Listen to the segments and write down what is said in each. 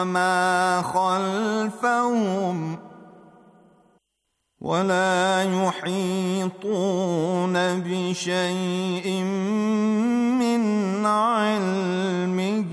وما خلفهم ولا يحيطون بشيء من علمه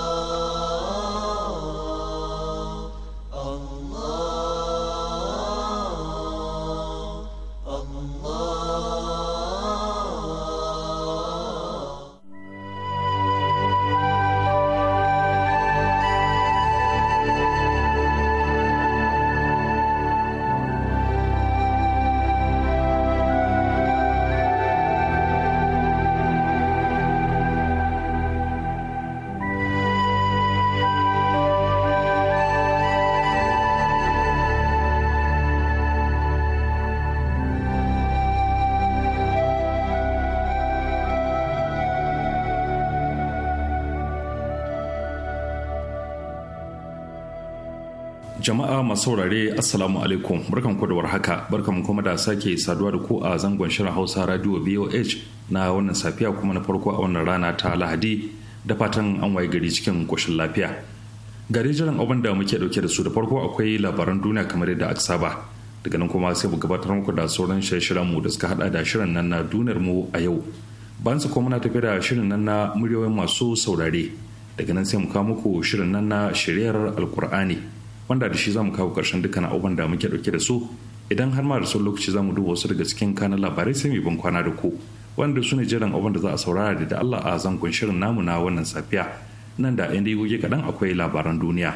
masu saurare assalamu alaikum barkan ku da warhaka barkan kuma da sake saduwa da ku a zangon shirin hausa radio BOH, na wannan safiya kuma na farko a wannan rana ta lahadi da fatan an waye gari cikin koshin lafiya gare jiran abin da muke dauke da su da farko akwai labaran duniya kamar yadda aka saba daga nan kuma sai mu gabatar muku da sauran shirye-shiryen mu da suka hada da shirin nan na duniyar mu a yau ban su kuma na tafi da shirin nan na muryoyin masu saurare daga nan sai mu kawo muku shirin nan na shiryar alkur'ani wanda da shi za mu kawo ƙarshen dukkan abubuwan da muke ɗauke da su idan har ma da son lokaci za mu duba wasu daga cikin kanan labarai sai mu bin kwana da ku wanda su ne jiran abubuwan da za a saurara da Allah a zangon shirin namu na wannan safiya nan da yan goge kaɗan akwai labaran duniya.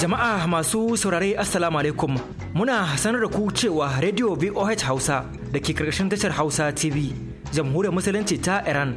Jama'a masu saurare Assalamu alaikum muna sanar da ku cewa Radio VOH Hausa da ke karkashin tashar Hausa TV jamhuriyar musulunci ta Iran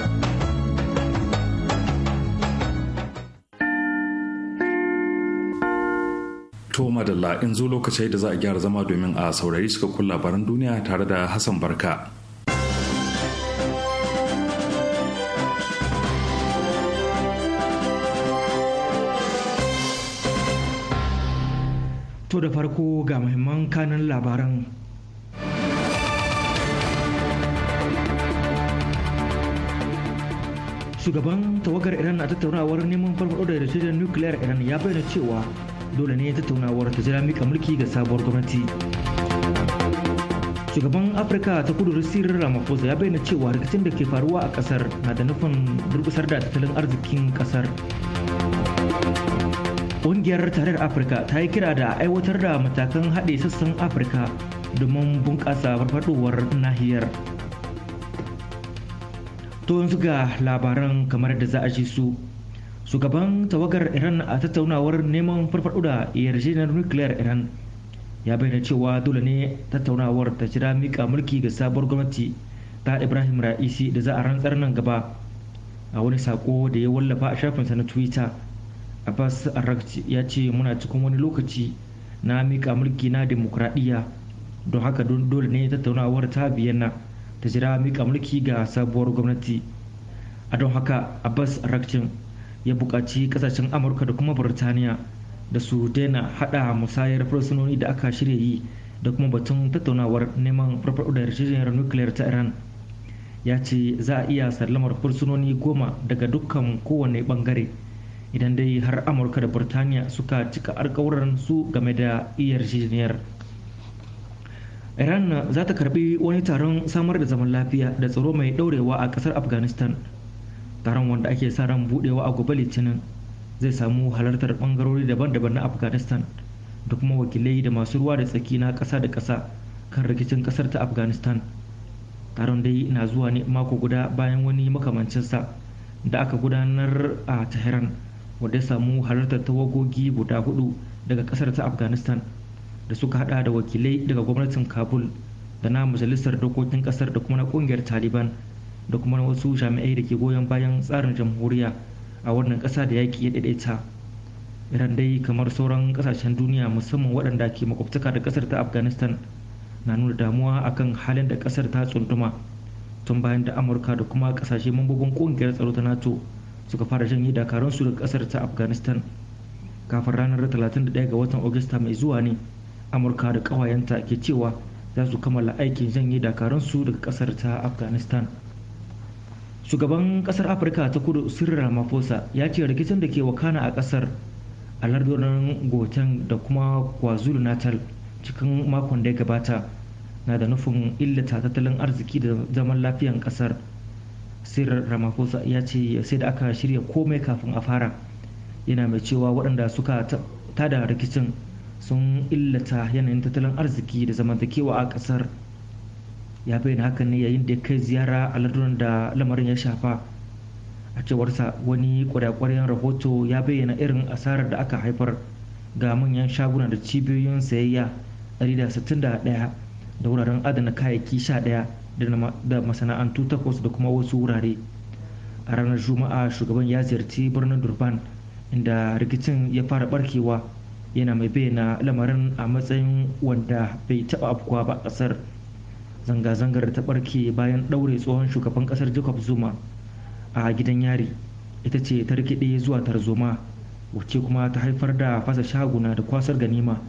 To madalla in zo lokacin da za a gyara zama domin a saurari suka kun labaran duniya tare da Hassan Barka. To da farko ga muhimman kanin labaran. Shugaban tawagar Iran a tattaunawar neman farfaɗo da yarjejeniyar nukiliyar Iran ya bayyana cewa dole ne tattaunawar ta jira mika mulki ga sabuwar gwamnati shugaban afirka ta kudu rasir ramaphosa ya bayyana cewa rikicin da ke faruwa a kasar na da nufin durkusar da tattalin arzikin kasar ƙungiyar tarayyar afirka ta yi kira da aiwatar da matakan haɗe sassan afirka domin bunƙasa farfadowar nahiyar to yanzu ga labaran kamar da za a ji su shugaban tawagar iran a tattaunawar neman farfaɗo da yarjejeniyar nukiliyar iran ya bayyana cewa dole ne tattaunawar ta jira mika mulki ga sabuwar gwamnati ta ibrahim ra'isi da za a rantsar nan gaba a wani sako da ya wallafa a shafinsa na twitter abbas arakci ya ce muna cikin wani lokaci na mika mulki na demokradiyya don haka dole ne tattaunawar ta biyanna ta jira mika mulki ga sabuwar gwamnati a don haka abbas rakcin ya buƙaci kasashen amurka da kuma burtaniya da su daina haɗa musayar fursunoni da aka shirya yi da kuma batun tattaunawar neman farfaɗo da yarjejeniyar nukiliyar ta iran ya ce za a iya sallamar fursunoni goma daga dukkan kowane bangare idan dai har amurka da burtaniya suka cika alkawuran su game da yarjejeniyar iran za ta karbi wani taron samar da zaman lafiya da tsaro mai daurewa a kasar afghanistan taron wanda ake sa ran budewa a gobe litinin zai samu halartar bangarori daban-daban na afghanistan da kuma wakilai da masu ruwa da tsaki na kasa da kasa kan rikicin kasar ta afghanistan taron dai na zuwa ne mako guda bayan wani makamancinsa da aka gudanar a tehran wanda ya samu halartar tawagogi guda hudu daga kasar ta afghanistan da suka hada da wakilai daga gwamnatin kabul da na majalisar dokokin kasar da kuma na kungiyar taliban da kuma wasu jami'ai da ke goyon bayan tsarin jamhuriya a wannan kasa da yaƙi ya daidaita iran dai kamar sauran ƙasashen duniya musamman waɗanda ke makwabtaka da ƙasar ta afghanistan na nuna damuwa akan halin da ƙasar ta tsunduma tun bayan da amurka da kuma ƙasashe mambobin ƙungiyar tsaro ta nato suka fara janye su daga ƙasar ta afghanistan kafin ranar 31 ga watan agusta mai zuwa ne amurka da ƙawayenta ke cewa za su kammala aikin janye su daga ƙasar ta afghanistan shugaban kasar afirka ta kudu sirri ramaphosa ya ce rikicin da ke wakana a kasar a lardunan goten da kuma kwazulu natal cikin makon da ya gabata na da nufin illata tattalin arziki da zaman lafiyan kasar sirri ramaphosa ya ce sai da aka shirya komai kafin a fara yana mai cewa waɗanda suka tada rikicin sun illata yanayin tattalin arziki da zamantakewa a kasar ya bayyana hakan ne yayin da ya kai ziyara a lardunan da lamarin ya shafa a cewarsa wani kwada-kwaryan rahoto ya bayyana irin asarar da aka haifar ga manyan shaguna da cibiyoyin sayayya 161 da wuraren adana kayayyaki 11 da masana'antu takwas da kuma wasu wurare a ranar juma'a shugaban ya ziyarci birnin durban inda rikicin ya fara barkewa yana mai bayyana lamarin a matsayin wanda bai taɓa afkuwa ba kasar. zanga-zangar da ta barke bayan ɗaure tsohon shugaban ƙasar jacob zuma a gidan yari ita ce ta rikide zuwa tarzoma wacce kuma ta haifar da fasa shaguna da kwasar ganima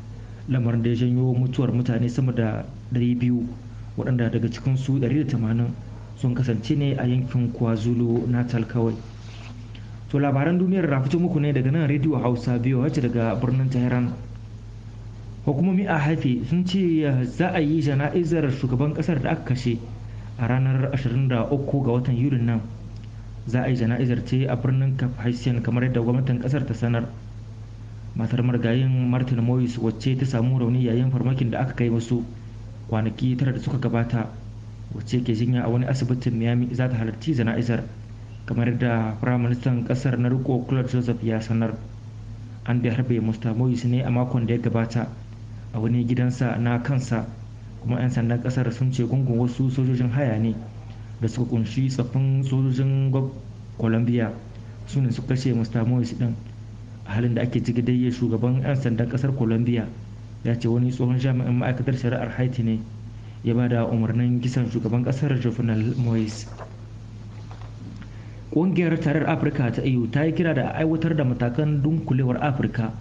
lamarin da ya janyo mutuwar mutane sama da 200 waɗanda daga cikinsu 180 sun kasance ne a yankin kwazulu natal kawai to labaran duniyar na muku ne daga nan rediyo hausa biyu wacce daga birnin tehran hukumomi a haifi sun ce za a yi jana'izar shugaban kasar da aka kashe a ranar 23 ga watan yulin nan za a yi jana'izar ce a birnin haitian kamar yadda gwamnatin kasar ta sanar matar margayin martin moyes wacce ta samu rauni yayin farmakin da aka kai masu kwanaki tara da suka gabata wacce ke jinya a wani asibitin miami za ta halarci jana'izar kamar yadda firaministan kasar na riko claude joseph ya sanar an da harbe musta moyes ne a makon da ya gabata a wani gidansa na kansa kuma 'yan sandan kasar sun ce gungun wasu sojojin haya ne da suka kunshi tsaffin sojojin colombia su ne suka kashe mista moyes din a halin da ake jigidayya shugaban 'yan sandan kasar colombia ya ce wani tsohon jami'in ma'aikatar shari'ar haiti ne ya ba da umarnin kisan shugaban kasar jovenel moise ƙungiyar tarar afirka ta iyu e ta yi kira da aiwatar da matakan dunkulewar afirka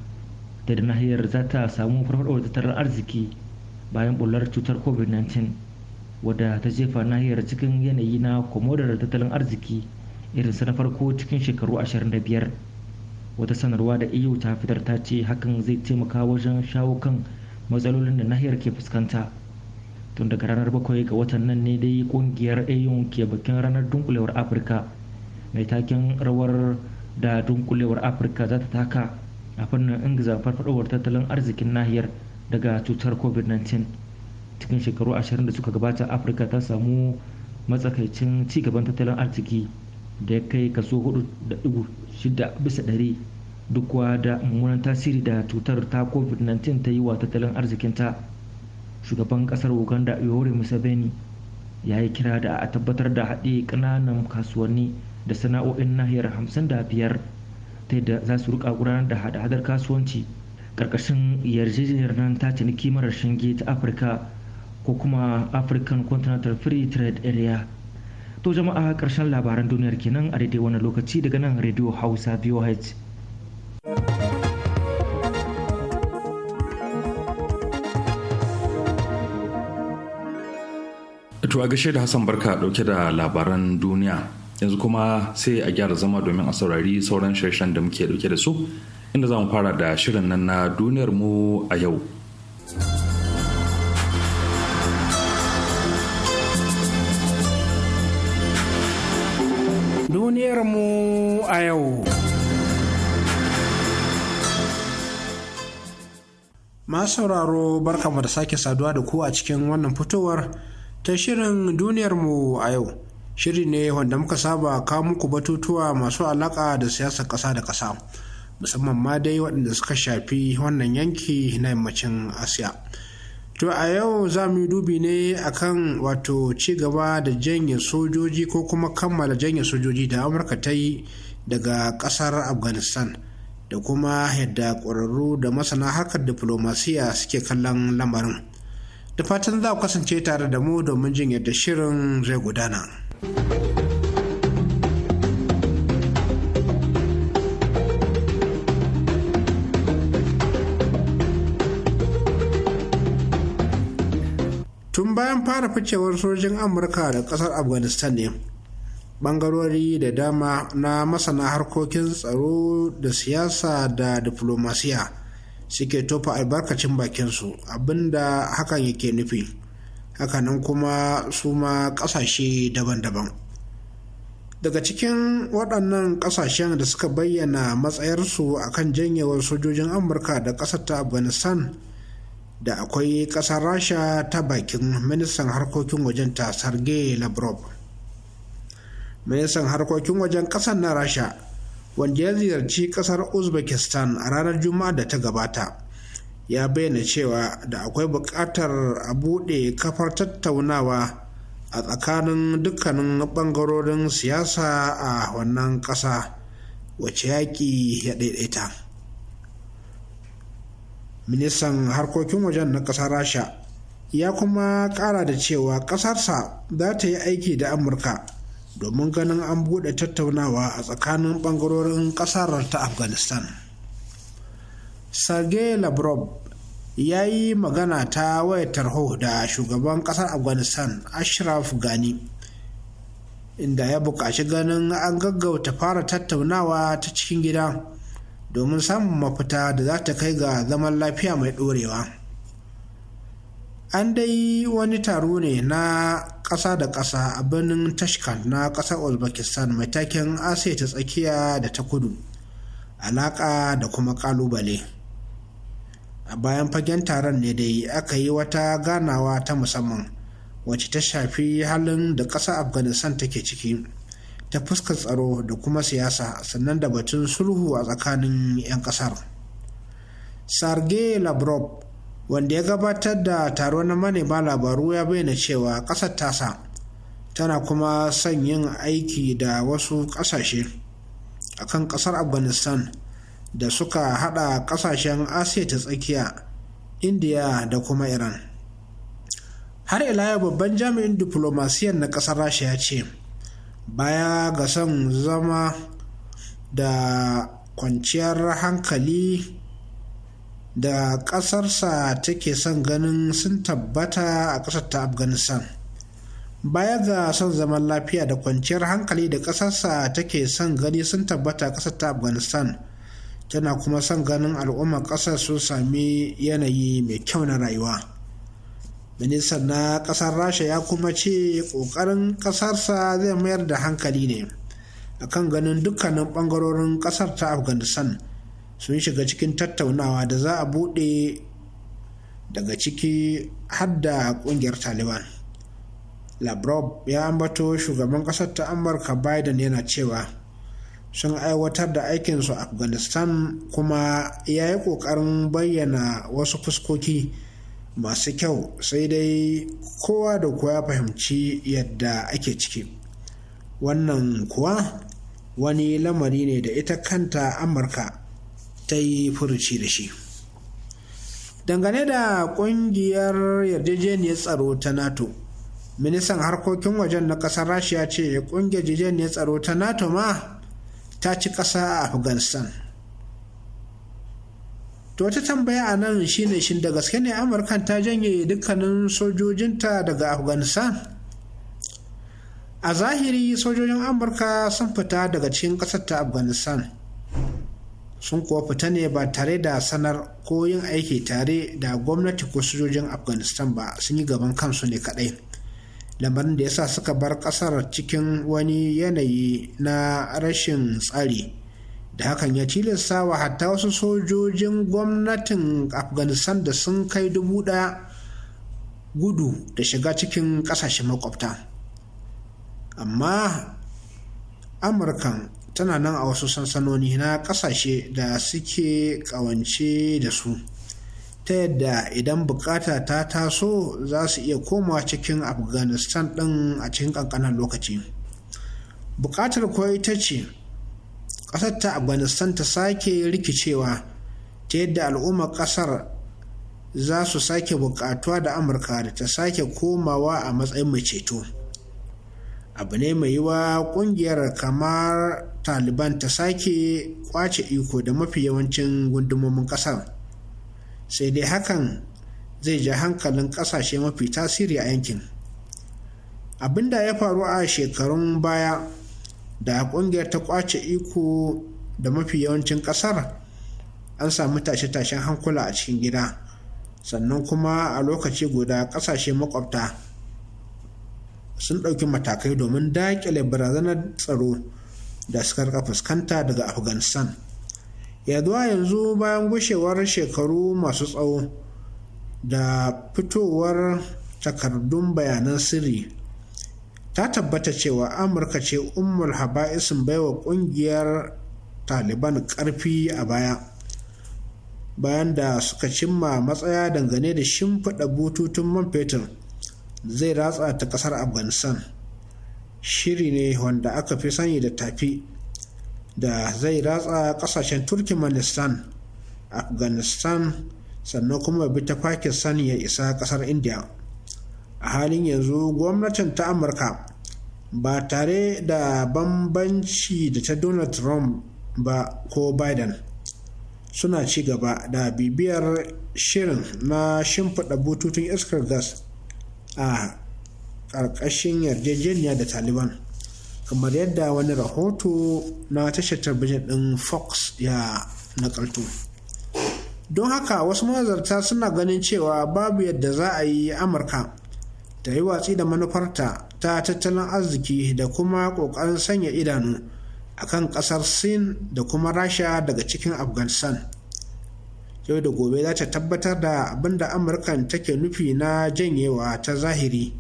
da nahiyar za ta samu da tattalin arziki bayan bular cutar covid-19 wadda ta jefa nahiyar cikin yanayi na komodar tattalin arziki irin na farko cikin shekaru 25 wata sanarwa da eu ta fitar ta ce hakan zai taimaka wajen shawo kan matsalolin da nahiyar ke fuskanta tun daga ranar bakwai ga watan nan ne dai kungiyar au ke bakin ranar dunkulewar afirka mai taken rawar da dunkulewar afirka za ta taka a fannin ingiza farfadowar tattalin arzikin nahiyar daga cutar covid-19 cikin shekaru ashirin da suka gabata afirka ta samu matsakaicin cigaban tattalin arziki da ya kai kaso 4.6 bisa ɗari duk da mummunan tasiri da cutar ta covid-19 ta yi wa tattalin arzikin ta shugaban kasar uganda yoweri museveni ya yi kira da a tabbatar da haɗe ƙananan kasuwanni da sana'o'in nahiyar 55 ta yadda za su rika gudanar da hada-hadar kasuwanci karkashin yarjejeniyar nan ta ciniki marar shinge ta afirka ko kuma african continental free trade area to jama'a karshen labaran duniyar kenan a daidai wani lokaci daga nan radio hausa voh to a gashe da hassan barka dauke da labaran duniya yanzu kuma sai a gyara zama domin a saurari sauran shirshen da muke dauke da su inda za mu fara da shirin nan na duniyar mu a yau duniyar mu a yau masu sauraro barkamu da sake saduwa da ku a cikin wannan fitowar ta shirin duniyar mu a yau shiri ne wanda muka saba kawo muku batutuwa masu alaƙa da siyasar ƙasa da ƙasa musamman ma dai waɗanda suka shafi wannan yanki na yammacin asiya to a yau za mu yi dubi ne akan wato ci gaba da janye sojoji ko kuma kammala janye sojoji da amurka ta yi daga ƙasar afghanistan da kuma yadda ƙwararru da masana harkar diflomasiya suke kallon lamarin da fatan za ku kasance tare da mu domin jin yadda shirin zai gudana. tun bayan fara ficewar sojin amurka da kasar afghanistan ne bangarori da dama na masana harkokin tsaro da siyasa da diplomasiya suke tofa albarkacin bakinsu abinda hakan yake nufi hakanan kuma su ma kasashe daban-daban daga cikin waɗannan ƙasashen da suka bayyana matsayarsu a kan janyewar sojojin amurka da ƙasar ta afghanistan da akwai ƙasar rasha ta bakin ministan harkokin wajen ta sergei lavrov ministan harkokin wajen ƙasar na rasha wanda ya ziyarci ƙasar uzbekistan a ranar juma'a da ta gabata ya bayyana cewa da akwai buƙatar a buɗe kafar tattaunawa a tsakanin dukkanin ɓangarorin siyasa a wannan ƙasa wacce yaƙi ya ɗaiɗaita ministan harkokin wajen na ƙasar rasha ya kuma ƙara da cewa ƙasarsa za ta yi aiki da amurka domin ganin an buɗe tattaunawa a tsakanin ɓangarorin ƙasar ta afghanistan sergei lavrov ya yi magana ta wayar tarho da shugaban kasar afghanistan ashraf ghani inda ya buƙaci ganin an gaggauta fara tattaunawa ta cikin gida domin samun mafita da za ta kai ga zaman lafiya mai ɗorewa an dai wani taro ne na ƙasa da ƙasa a birnin tashkent na ƙasar uzbekistan mai taken asiya ta tsakiya da ta kudu alaƙa da kuma ƙalubale. a bayan fagen taron ne dai aka yi wata ganawa ta musamman wacce ta shafi halin da ƙasa afghanistan take ciki ta fuskar tsaro da kuma siyasa sannan da batun sulhu a tsakanin 'yan ƙasar sarge lavrov wanda ya gabatar da taro na manema labaru ya bayyana cewa ƙasar tasa tana kuma son yin aiki da wasu ƙasashe akan kan ƙasar afghanistan da suka hada kasashen asiya ta tsakiya indiya da kuma iran har ila yau babban jami'in diflomasiyan na kasar rasha ya ce baya ga son zama da kwanciyar hankali da ƙasarsa take son ganin sun tabbata a kasar ta afghanistan baya ga son zaman lafiya da kwanciyar hankali da ƙasarsa take son gani sun tabbata a ƙasar ta afghanistan tana kuma son ganin al'ummar ƙasar sun sami yanayi mai kyau na rayuwa ministan na ƙasar rasha ya kuma ce ƙoƙarin ƙasarsa zai mayar da hankali ne akan ganin dukkanin ɓangarorin ƙasar ta afghanistan sun shiga cikin tattaunawa da za a buɗe daga ciki hadda ƙungiyar taliban Labrob ya ambato shugaban ƙasar ta amurka biden yana cewa sun aiwatar da aikinsu a afghanistan kuma ya yi ƙoƙarin bayyana wasu fuskoki masu kyau sai dai kowa da ya fahimci yadda ake ciki wannan kuwa wani lamari ne da ita kanta amurka ta yi furuci da shi dangane da kungiyar yarjejeniyar tsaro ta nato ministan harkokin wajen na kasar rashiya ce kungiyar yarjejeniyar tsaro ta nato ma ta ci ƙasa a afghanistan to wata tambaya a nan shine shi da gaske ne Amurka ta janye dukkanin sojojinta daga afghanistan a zahiri sojojin amurka sun fita daga cikin ƙasar ta afghanistan sun kuwa fita ne ba tare da sanar ko yin aiki tare da gwamnati ko sojojin afghanistan ba sun yi gaban kansu ne kaɗai lamarin da ya sa suka bar ƙasar cikin wani yanayi na rashin tsari da hakan ya tilasta wa hatta wasu sojojin gwamnatin afghanistan da sun kai dubu ɗaya gudu da shiga cikin ƙasashen makwabta amma amurkan tana nan a wasu sansanoni na ƙasashe da suke ƙawance da su ta yadda idan bukata ta taso za su iya komawa cikin afghanistan ɗin a cikin ƙanƙanin lokaci bukatar kwai ta ce ƙasar ta afghanistan ta sake rikicewa ta yadda al'ummar ƙasar za su sake bukatuwa da amurka da ta sake komawa a matsayin mai ceto abu ne mai yiwa ƙungiyar kamar taliban ta sake kwace iko da mafi yawancin gundumomin ƙasar sai dai hakan zai ja hankalin ƙasashe mafi tasiri a yankin abin da ya faru a shekarun baya da ƙungiyar ta kwace iko da mafi yawancin ƙasar an samu tashe-tashen hankula a cikin gida sannan kuma a lokaci guda ƙasashe makwabta sun ɗauki matakai domin daƙile barazanar tsaro da suka fuskanta daga afghanistan yaduwa yanzu bayan gushewar shekaru masu tsawo da fitowar takardun bayanan sirri ta tabbata cewa amurka ce ummul haba'isin baiwa kungiyar taliban karfi a baya bayan da suka cimma matsaya dangane da shimfiɗa bututun man fetur zai ratsa ta ƙasar afghanistan shiri ne wanda aka fi sani da tafi da zai ratsa kasashen turkmenistan afghanistan sannan kuma bi ta pakistan ya isa kasar india a halin yanzu gwamnatin ta amurka ba tare da bambanci da ta donald trump ba ko biden suna ci gaba da bibiyar shirin na shimfiɗa bututun iskar gas a ƙarƙashin yarjejeniya da taliban kamar yadda wani rahoto na tashar talabijin ɗin fox ya nakalto don haka wasu mazarta suna ganin cewa babu yadda za a yi amurka ta yi watsi da manufarta ta tattalin arziki da kuma ƙoƙarin sanya idanu a kan ƙasar sin da kuma rasha daga cikin afghanistan yau da gobe za ta tabbatar da abin da amurkan take nufi na janyewa ta zahiri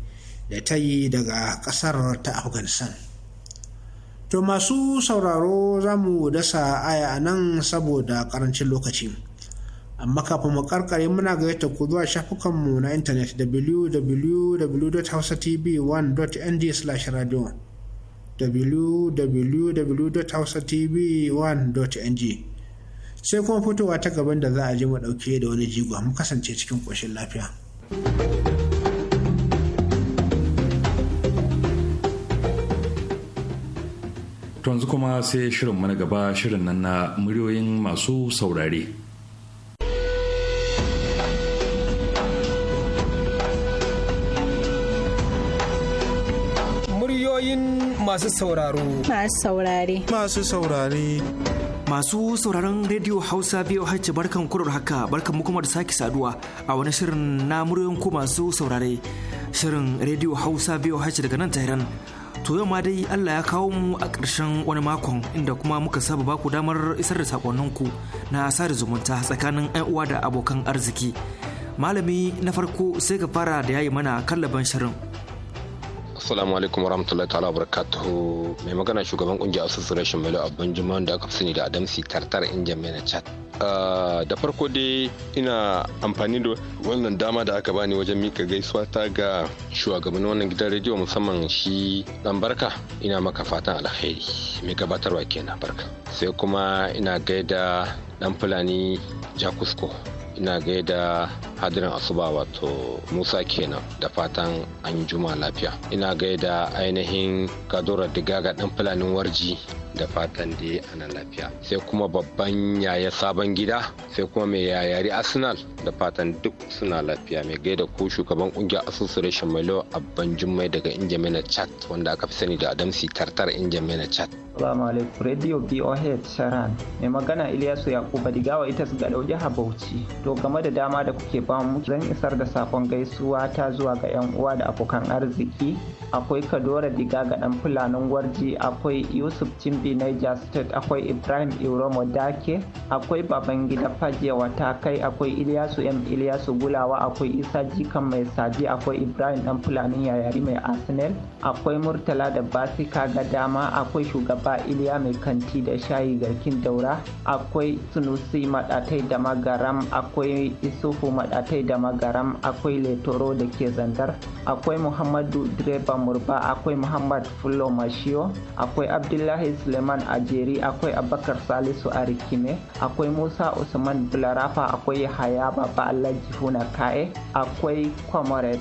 da ta yi daga ƙasar ta afghanistan To masu sauraro za mu dasa aya a nan saboda karancin lokaci. Amma kafin mu karkare muna gayyata ku zuwa shafukanmu na intanet www.hausatv1.ng/radio www.hausatv1.ng sai kuma fitowa ta gaban da za a je mu dauke da wani jigo mu kasance cikin ƙoshin lafiya. thank you To yanzu kuma sai shirin mana gaba shirin nan na muryoyin masu saurare. Muryoyin masu sauraro. Masu saurare. Masu saurare. Masu sauraron Radio Hausa VOH barkan kurar haka barkan mu kuma da sake saduwa a wani shirin na muryoyin ku masu saurare. Shirin Radio Hausa VOH daga nan Tehran To yau ma dai Allah ya kawo mu a ƙarshen wani makon inda kuma muka saba baku damar isar da sakonninku na sada zumunta tsakanin 'yan uwa da abokan arziki. Malami na farko sai ka fara da yayi mana kallaban shirin. Assalamu alaikum warahmatullahi ta'ala barakatuhu. Mai magana shugaban kungiyar Association Melo Abban Juma'an da aka fi sani da Adamsi Tartar Injin Mena Chat. Ah, da farko dai ina amfani da wannan dama da aka bani wajen mika gaisuwa ta ga shugaban wannan gidan rediyo musamman shi dan barka ina maka fatan alheri mai gabatarwa kenan barka sai kuma ina gaida dan fulani jakusko ina gaida hadirin asuba wato musa kenan da fatan an juma lafiya ina gaida ainihin kadura digaga dan fulanin warji da fatan ya ana lafiya sai kuma babban yaya sabon gida sai kuma mai yayari arsenal da fatan duk suna lafiya mai gaida ko shugaban kungiyar association a abban jummai daga injamena chat wanda aka fi sani da adamsi tartar injamena chat Salamu alaikum Radio BOH Sharan mai magana Ilyasu Yakuba Digawa ita su gadau jihar Bauchi to game da dama da kuke ba mu zan isar da sakon gaisuwa ta zuwa ga yan uwa da abokan arziki akwai Kadora Diga ga dan fulanin gwarji akwai Yusuf Cim Yobe Niger State akwai Ibrahim Iromo Dake, akwai Babangida Fajewa watakai, akwai Iliyasu M Iliyasu Gulawa, akwai Isa Jikan Mai Saji, akwai Ibrahim Dan Fulani Yayari Mai Arsenal, akwai Murtala da Basika ga dama, akwai Shugaba Iliya Mai Kanti da Shayi Garkin Daura, akwai Sunusi Madatai da Magaram, akwai Isufu Madatai da Magaram, akwai Letoro da ke Zandar, akwai Muhammadu direban Murba, akwai Muhammad Fulo Mashiyo, akwai Abdullahi suleiman ajeri akwai abakar salisu arikime akwai musa usman bularafa akwai yahaya baba Allah huna kae akwai comrade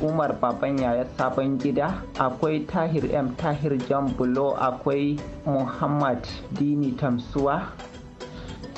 umar baban yaya sabon gida akwai tahir m tahir jambulo akwai muhammad dini tamsuwa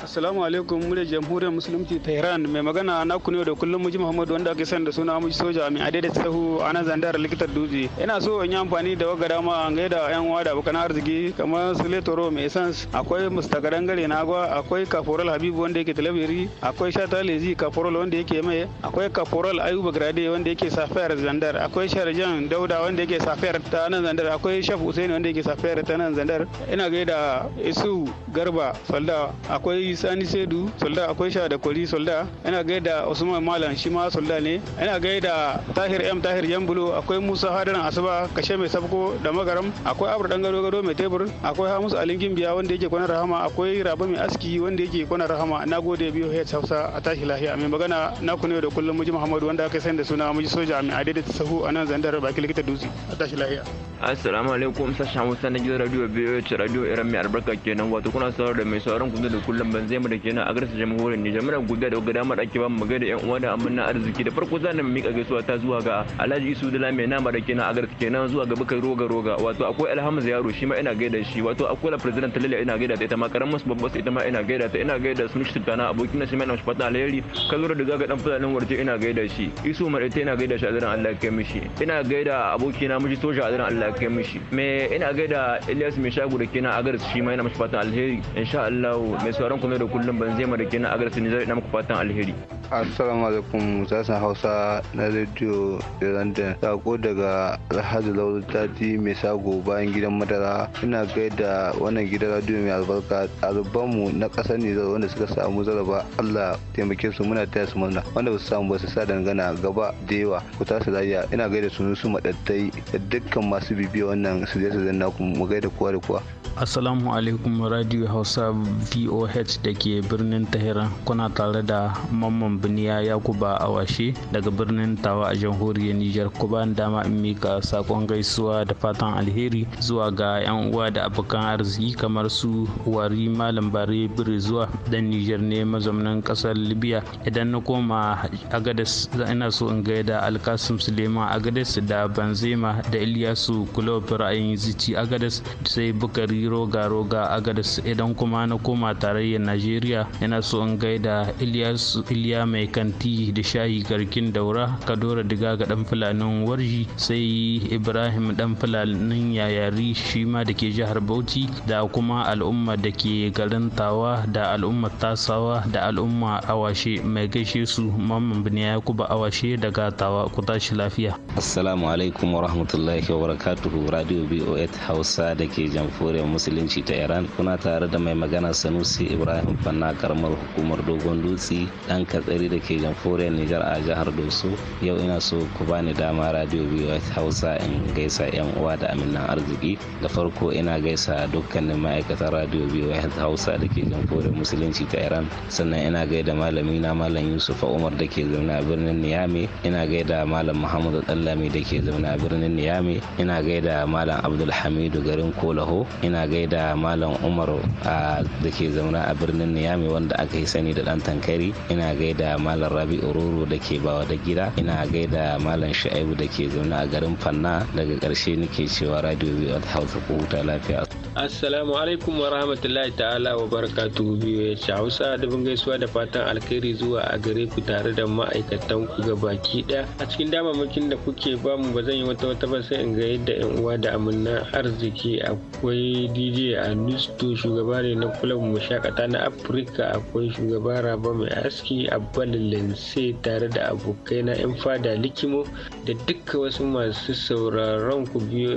Assalamu alaikum mure jamhuriyar musulunci Iran mai magana na ku ne da kullum muji Muhammadu wanda ake sani da suna muji soja mai adai da tsahu a nan zandar likitar dutse. Ina so in yi amfani da waga dama an gaida yan uwa da abokan arziki kamar Suletoro mai sans akwai mustakaran gare na agwa akwai Kaforal Habibu wanda yake talabiri akwai Shata Lezi Kaforal wanda yake mai akwai Kaforal Ayuba Grade wanda yake safiyar zandar akwai Sharjan Dauda wanda yake safiyar ta nan zandar akwai shafu usaini wanda yake safiyar ta nan zandar ina gaida Isu Garba Salda akwai sani sedu solda akwai sha da kwari solda yana ina da usman malam shi ma solda ne yana ina da tahir m tahir jambulo akwai musa hadaran asuba kashe mai sabko da magaram akwai abur dan gado gado mai tebur akwai hamus alin gimbiya wanda yake kwana rahama akwai rabu mai aski wanda yake kwana rahama na gode biyo head hausa a tashi lahiya mai magana na ku ne da kullum muji muhammadu wanda aka sani da suna muji soja mai adada ta sahu a nan zandar baki likita dutse a tashi lahiya assalamu alaikum sashen hausa na gidan radio biyo radio iran mai albarka kenan wato kuna saurar da mai sauran kuma da kullum ban zai mu da ke nan a garsa jamhuriyar Nijar muna godiya da wadda da ake ba mu magana yan uwa da amanna arziki da farko zan mu mika gaisuwa ta zuwa ga Alhaji Isu Dala mai nama da ke nan a garsa kenan zuwa ga Bukar Roga Roga wato akwai alhamis Yaro shi ma ina gaida shi wato akwai la president Lalle ina gaida ta ita ma karamin su babba ita ma ina gaida ta ina gaida su Nushi Tana abokin shi mai nama fata Alheri kalura da gaga dan fulanin warje ina gaida shi Isu Marita ina gaida shi a zaran Allah ya kai mishi ina gaida abokina miji soja a zaran Allah ya kai mishi me ina gaida Ilyas mai shago da ke nan a garsa shi ma ina mashi fata alheri insha Allah mai sauran kuma da kullum ban zai mara kenan a su Nijar ina muku fatan alheri. Assalamu alaikum sassan Hausa na Radio London. Sako daga Alhaji Lauru Tati mai sago bayan gidan madara ina gaida wannan gidan radio mai albarka mu na ƙasar Nijar wanda suka samu zaraba Allah taimake su muna taya su murna wanda ba su samu ba su sa dangana gaba da yawa ku tasa lafiya ina gaida su su madattai da dukkan masu bibiya wannan su zai su zanna ku mu gaida kowa da kowa. Assalamu alaikum Radio Hausa VOH da ke birnin tahira kuna tare da Mamman Biniya Yakuba Awashe daga birnin Tawa a jamhuriyar Nijar ku dama in mika sakon gaisuwa da fatan alheri zuwa ga 'yan uwa da abokan arziki kamar su Wari Malam Bare Bire zuwa dan Nijar ne mazaunin kasar Libya idan na koma Agadez ina so in gaida Alkasim Suleiman Agadez da Banzema da Ilyasu Kulob ra'ayin Zici Agadez sai Bukari Roga Roga Agadez idan kuma na koma tarayyar najeriya yana so in gaida ilyas iliya mai kanti da shayi garkin daura kadora diga ga dan fulanin warji sai ibrahim ɗan fulanin yayari shi ma da ke jihar bauchi da kuma al'umma da ke garin tawa da al'umma tasawa da al'umma awashe mai gaishe su mamman bin yakuba awashe daga tawa ku tashi lafiya assalamu alaikum wa rahmatullahi wa barakatuhu radio boa hausa da ke jamhuriyar musulunci ta iran kuna tare da mai magana sanusi ibrahim ibrahim fanna karamar hukumar dogon dutse dan katsari da ke jamhuriyar nijar a jihar doso yau ina so ku bani dama radio biyu hausa in gaisa yan uwa da aminan arziki da farko ina gaisa dukkanin ma'aikatan radio biyu hausa da ke jamhuriyar musulunci ta iran sannan ina gaida malami na malam yusuf umar da ke zaune a birnin niyame ina gaida malam muhammadu dallami da ke zaune a birnin niyame ina gaida malam abdulhamidu garin kolaho ina gaida malam umar da ke zaune a birnin birnin niyami wanda aka yi sani da ɗan tankari ina gaida malam rabi ororo da ke bawa da gida ina gaida malam sha'ibu da ke zaune a garin fanna daga karshe nake cewa radio biyar hausa ko huta lafiya assalamu alaikum wa rahmatullahi ta'ala wa barakatu biyu ya hausa bin gaisuwa da fatan alkhairi zuwa a gare ku tare da ma'aikatan ku ga baki daya a cikin damamakin da kuke bamu ba zan yi wata wata ba sai in ga yadda yan uwa da amina arziki akwai dj anusto shugaba ne na kulab mu shakata na na afirka akwai shugaba raba mai aski abbal linse tare da abokai na 'yan fada likimo da dukkan wasu masu sauraron ku biyo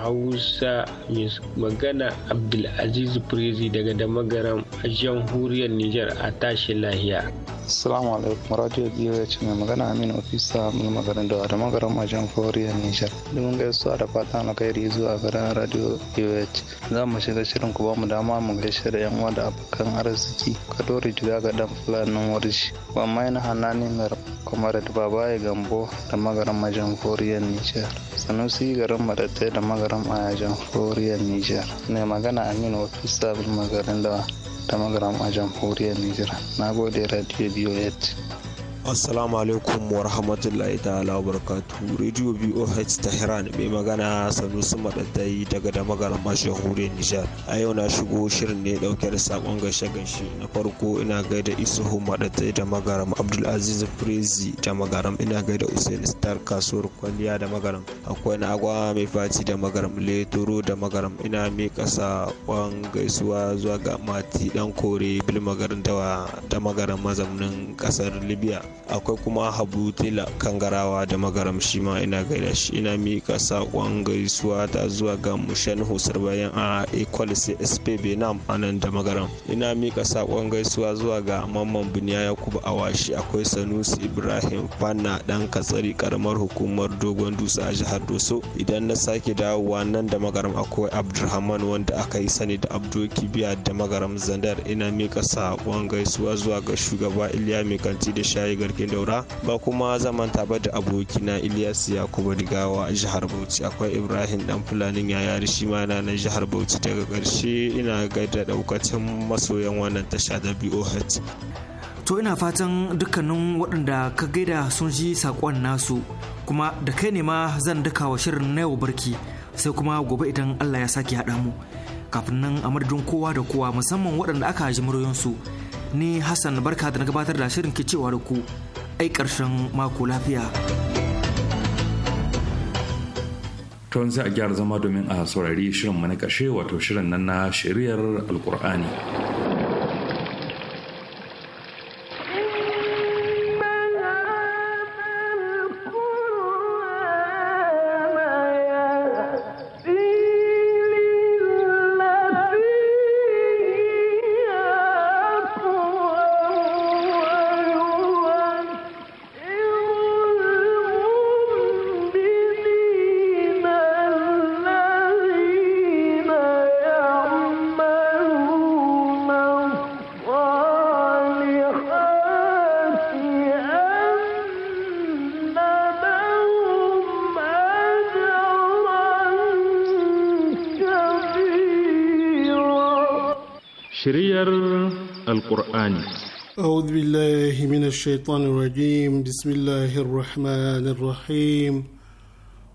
hausa mai magana abdulaziz prezi daga damagaram a jamhuriyar niger a tashi lahiya salamu alaikum radio DOH mai magana Aminu Ofisa mai magana da da magaran a jamhuriyar Nijar. Domin gaisuwa da kai alkhairi zuwa garin radio DOH. Za mu shiga shirin ku ba mu dama mu gaishe da yan uwa da kan arziki kadori jiga ga dan fulanin warji hannani maina hanani da comrade babaye gambo da magaran majan foriyar niger sanusi garin madattai da magaran majan foriyar Nijar. mai magana aminu ofisa abin magarin dawa da magaran majan foriyar niger na gode radio Assalamu alaikum wa rahmatullahi ta'ala wa barakatuhu Radio BOH Tehran mai magana Sanusi Madaddai daga damagaran jamhuriyar Nijar. A yau na shigo shirin ne dauke da sakon gaishe gaishe. Na farko ina gaida Isuhu Madaddai da magaram Abdulaziz Prezi da magaram ina gaida Usain Star kasuwar kwalliya da magaram. Akwai na agwa mai fati da magaram Leturo da magaram ina kasa sakon gaisuwa zuwa ga Mati dan kore Bilmagarin da magaram mazaunin ƙasar libiya. akwai kuma habu tela kangarawa da magaram shi ma ina gaida shi ina mika sakon gaisuwa ta zuwa ga mushen husar bayan a equal csp benam a nan da magaram ina mika sakon gaisuwa zuwa ga mamman biniya a washi akwai sanusi ibrahim fanna dan katsari karamar hukumar dogon dutse a jihar doso idan na sake dawowa nan da magaram akwai abdulrahman wanda aka yi sani da abdul kibiya da magaram zandar ina mika sakon gaisuwa zuwa ga shugaba iliya mai kanti da shayi garkin daura ba kuma zaman taba da abokina ilyas yakubu digawa a jihar bauchi akwai ibrahim dan fulanin yaya da shi ma na jihar bauchi daga karshe ina gaida daukacin masoyan wannan tasha da boh To ina fatan dukkanin waɗanda ka gaida sun ji saƙon nasu kuma da kai ne ma zan wa shirin na yau barki sai kuma gobe idan Allah ya sake haɗa mu. Kafin nan a madadin kowa da kowa musamman waɗanda aka ji muryoyinsu ni Hassan barka da na gabatar da shirin ke cewa da ku ai ƙarshen mako lafiya. Tun za a gyara zama domin a saurari shirin mana ƙarshe wato shirin nan na shiriyar Alƙur'ani. shiriyar alkur'ani أعوذ بالله من الشيطان الرجيم بسم الله الرحمن الرحيم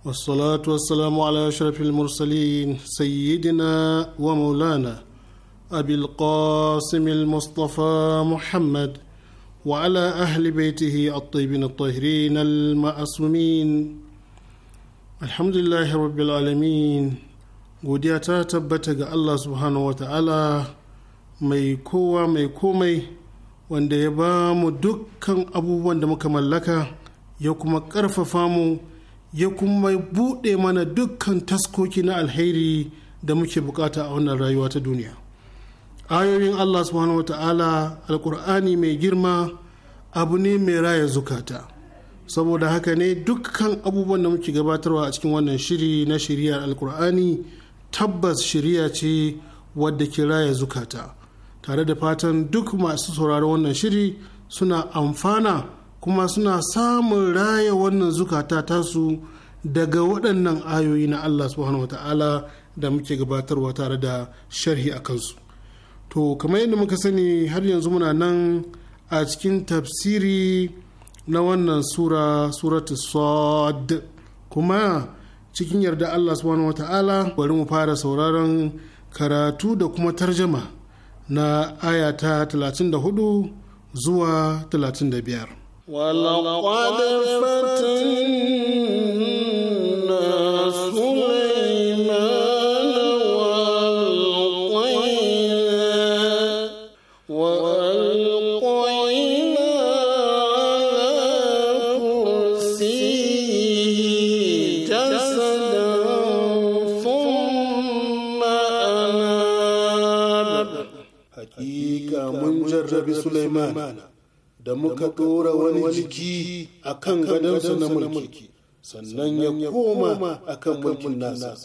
والصلاة والسلام على أشرف المرسلين سيدنا ومولانا أبي القاسم المصطفى محمد وعلى أهل بيته الطيبين الطاهرين المعصومين الحمد لله رب العالمين godiya ta الله سبحانه وتعالى mai kowa mai komai wanda ya ba mu dukkan abubuwan da muka mallaka ya kuma ƙarfafa mu ya kuma buɗe mana dukkan taskoki na alheri da muke bukata a wannan rayuwa ta duniya ayoyin allah subhanahu wata'ala alkur'ani mai girma abu ne mai raya zukata saboda haka ne dukkan abubuwan da muke gabatarwa a cikin wannan shiri na shiriyar alkur'ani tabbas shiriya ce wadda ke raya zukata tare da fatan duk masu sauraron wannan shiri suna amfana kuma suna samun raya wannan zukata tasu daga waɗannan ayoyi na Allah subhanahu wa ta'ala da muke gabatarwa tare da sharhi a kansu. To, kamar yadda muka sani har yanzu muna nan a cikin tafsiri na wannan sura suratu sad kuma cikin yarda Allah subhanahu wa ta'ala bari mu fara sauraron karatu da kuma tarjama na aya ta 34 zuwa 35 da muka ɗora wani jiki a kan gadonsa na mulki sannan ya koma a kan mulkin nasa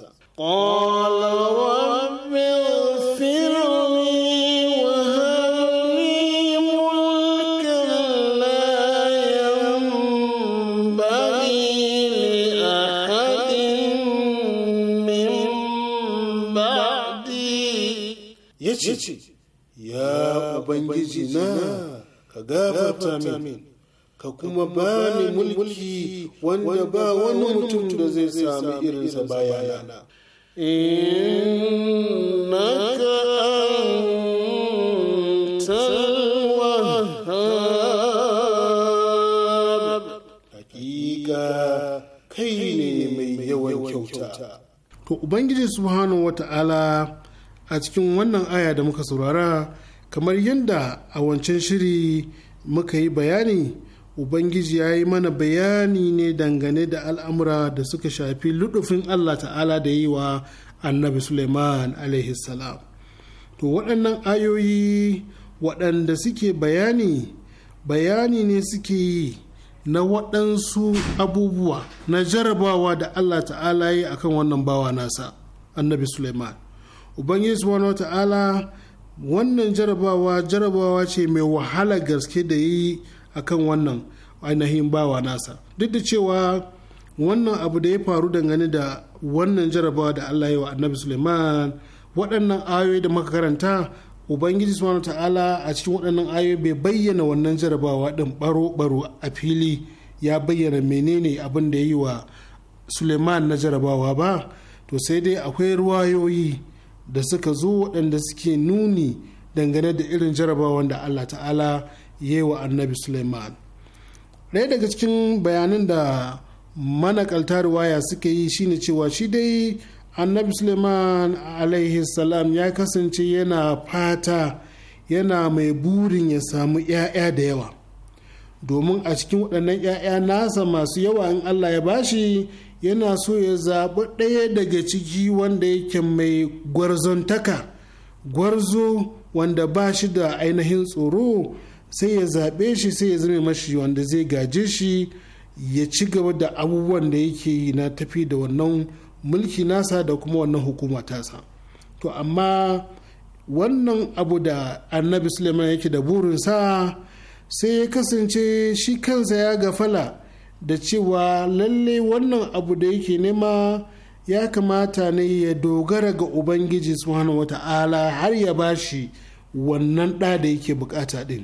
ya ce, Ya Ubangiji na, ka gafarta min ka kuma ba ni mulki wanda ba wani mutum da zai sami irinsa bayana innaka antal wahhab hakika kai ne mai yawan kyauta to ubangiji subhanahu wata'ala a cikin wannan aya da muka saurara kamar yadda a wancan shiri muka yi bayani ubangiji ya yi mana bayani ne dangane da al'amura da suka shafi ludufin allah ta'ala da yi wa annabi suleiman salam to waɗannan ayoyi waɗanda suke bayani bayani ne suke yi na waɗansu abubuwa na jarabawa da allah ta'ala yi akan wannan bawa nasa annabi suleiman ubangiji Wani wa ta'ala wannan jarabawa jarabawa ce mai wahala gaske da yi a kan wannan ainihin bawa nasa duk da cewa wannan abu da ya faru dangane da wannan jarabawa da Allah ya wa annabi Suleiman waɗannan ayoyi da muka karanta ubangiji subhanahu ta'ala a cikin waɗannan ayoyi bai bayyana wannan jarabawa ɗin baro-baro a fili ya bayyana menene abin da ya yi wa suleiman na jarabawa ba to sai dai akwai ruwayoyi da suka zo waɗanda suke nuni dangane da irin jarabawan da Allah ta'ala ya yi wa annabi Suleiman. Ɗaya daga cikin bayanan da manakalta ruwaya suka yi shine cewa shi dai annabi Suleiman alaihi salam ya kasance yana fata yana mai burin ya samu 'ya'ya da yawa. Domin a cikin waɗannan 'ya'ya nasa masu yawa in Allah ya bashi yana so ya zaɓi ɗaya daga ciki wanda yake mai gwarzontaka gwarzo wanda ba shi da ainihin tsoro sai ya zaɓe shi sai ya zama mashi wanda zai gaje shi ya ci gaba da abubuwan da yake yi na tafi da wannan mulki nasa da kuma wannan hukuma tasa to amma wannan abu da annabi suleiman yake da burinsa sai ya kasance shi kansa ya gafala da cewa lalle wannan abu da yake nema ya kamata ne ya dogara ga ubangiji subhanahu wata'ala har ya bashi wannan ɗa da yake bukata ɗin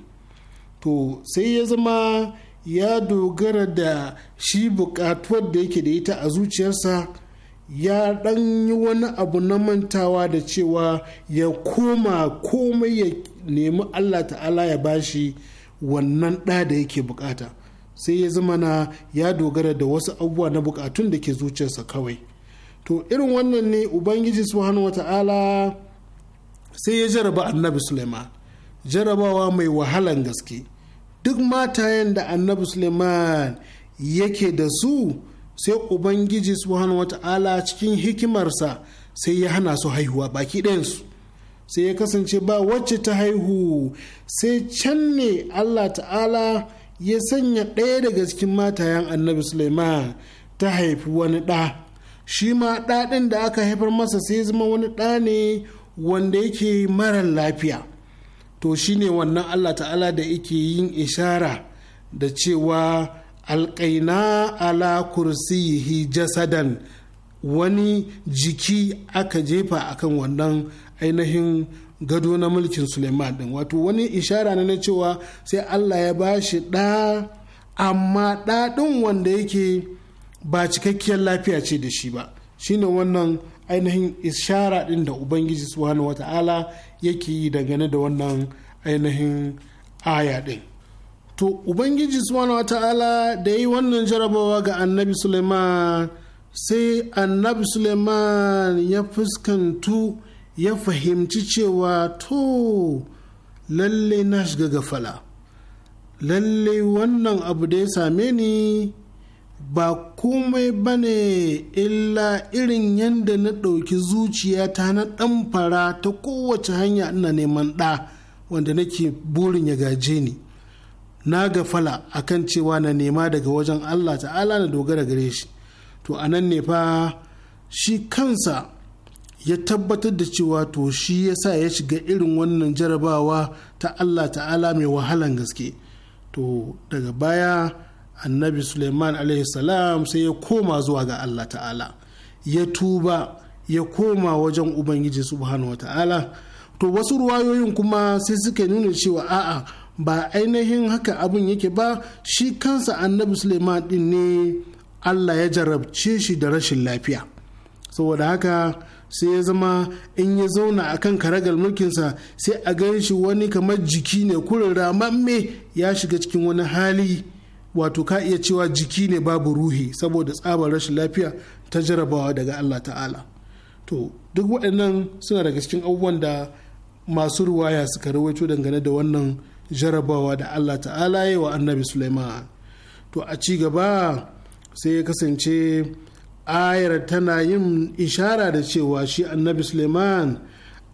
to sai ya zama ya dogara da shi bukatuwar da yake da ita a zuciyarsa ya ɗan yi wani abu na mantawa da cewa ya koma komai ya nemi allah ta'ala ya bashi wannan ɗa da yake bukata sai ya zama na ya dogara da wasu abubuwa na bukatun da ke zuciyarsa kawai to irin wannan ne ubangiji subhanahu wata'ala sai ya jaraba annabi suleiman jarabawa mai wahalan gaske duk matayen da annabi suleiman yake da su sai ubangiji subhanahu wata'ala cikin hikimarsa sai ya hana su haihuwa baki ɗayansu sai ya kasance ba wacce ta haihu sai can ne allah ta'ala ya sanya ɗaya daga cikin matayen annabi suleiman ta haifi wani ɗa shi ma ɗaɗin da aka haifar masa sai zama wani ɗa ne wanda yake marar lafiya to shi ne wannan allah ta'ala da yake yin ishara da cewa alƙaina ala kursiyihi jasadan wani jiki aka jefa akan wannan ainihin gado na mulkin suleiman din wato wani ishara na cewa sai allah ya ba shi ɗa amma ɗa ɗin wanda yake ba cikakkiyar lafiya ce da shi ba shine wannan ainihin ishara ɗin da ubangiji subhanahu wata'ala yake yi dangane da wannan ainihin aya ɗin to ubangiji subhanahu wata'ala da yi wannan jarabawa ga annabi suleiman sai annabi suleiman ya fuskantu ya fahimci cewa to lalle na shiga gafala lalle wannan abu da ya same ni ba komai ba ne illa irin yadda na ɗauki zuciyata na fara ta kowace hanya ina neman ɗa wanda nake burin ya gaje ni na gafala akan cewa na nema daga wajen allah ta'ala na dogara gare shi to anan ne fa shi kansa ya tabbatar da cewa to shi ya sa ya shiga irin wannan jarabawa ta Allah ta'ala mai wahalan gaske to daga baya annabi suleiman salam sai ya koma zuwa ga Allah ta'ala ya tuba ya koma wajen ubangiji subhanahu ta'ala to wasu ruwayoyin kuma sai suka nuna cewa a'a ba ainihin haka abin yake ba shi kansa annabi suleiman din ne Allah ya jarabce shi da rashin lafiya saboda haka sai ya zama in ya zauna a kan karagar mulkinsa sai a gan shi wani kamar jiki ne kurin ramamme ya shiga cikin wani hali wato ka iya cewa jiki ne babu ruhi saboda tsabar rashin lafiya ta jarabawa daga Allah ta'ala to duk waɗannan suna daga cikin abubuwan da masu ruwaya suka rawaito dangane da wannan jarabawa da Allah ta'ala ya wa annabi Sulaiman to a ci gaba sai ya kasance ayar tana yin ishara da cewa shi annabi suleiman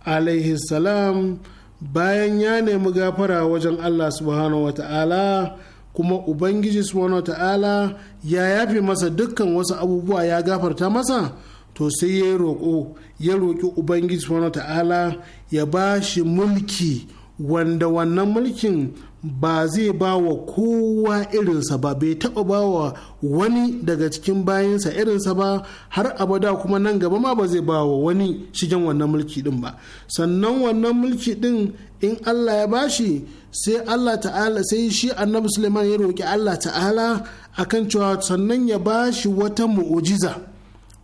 alaihi salam bayan ya nemi gafara wajen allah subhanahu ta'ala kuma ubangiji subhanahu ta'ala ya yafe masa dukkan wasu abubuwa ya gafarta masa to sai ya roƙo ya roƙi ubangiji subhanahu ta'ala ya ba shi mulki wanda wannan mulkin ba zai ba wa kowa irinsa ba bai taɓa ba wa wani daga cikin bayansa irinsa ba har abada kuma nan gaba ma ba zai ba wa wani shigen wannan mulki din ba sannan wannan mulki din in Allah ya bashi sai Allah ta'ala sai shi annabi Suleiman ya roƙi Allah ta'ala akan cewa sannan ya bashi wata mu'ujiza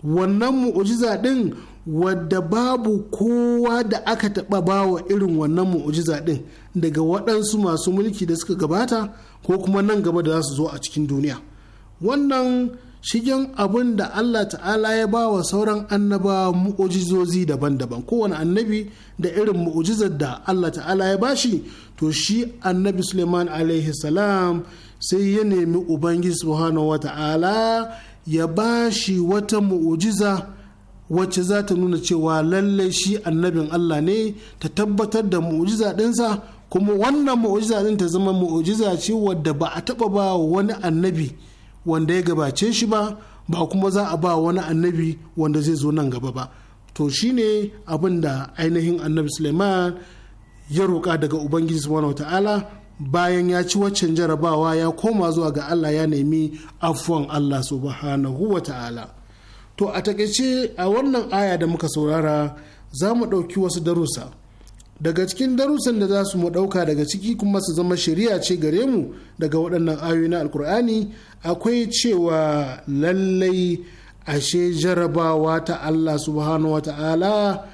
wannan mu'ujiza din wadda babu kowa da aka taɓa bawa irin wannan mu'ujiza ɗin daga waɗansu masu mulki da suka gabata ko kuma nan gaba da za su zo a cikin duniya wannan shigen abin da Allah ta'ala ya ba wa sauran annaba mu'ujizozi daban-daban kowane annabi da irin mu'ujizar da Allah ta'ala ya bashi to shi annabi suleiman alaihi salam sai ya nemi ubangiji subhanahu wa ta'ala ya bashi wata mu'ujiza wacce za ta nuna cewa lallai shi annabin Allah ne ta tabbatar da mu'ujiza ɗinsa kuma wannan mu'ujiza ɗin ta zama mu'ujiza ce wadda ba a taɓa ba wani annabi wanda ya gabace shi ba ba kuma za a ba wani annabi wanda zai zo nan gaba ba to shine abin da ainihin annabi suleiman ya roƙa daga ubangiji subhanahu ta'ala bayan ya ci waccan jarabawa ya koma zuwa ga allah ya nemi afuwan allah subhanahu wa ta'ala to a takaice a wannan aya da muka saurara za mu ɗauki wasu darusa, daga cikin darusan da za su mu ɗauka daga ciki kuma su zama shari'a ce gare mu daga waɗannan ayoyi na alkur'ani akwai cewa lallai ashe jarabawa ta allah subhanahu wata'ala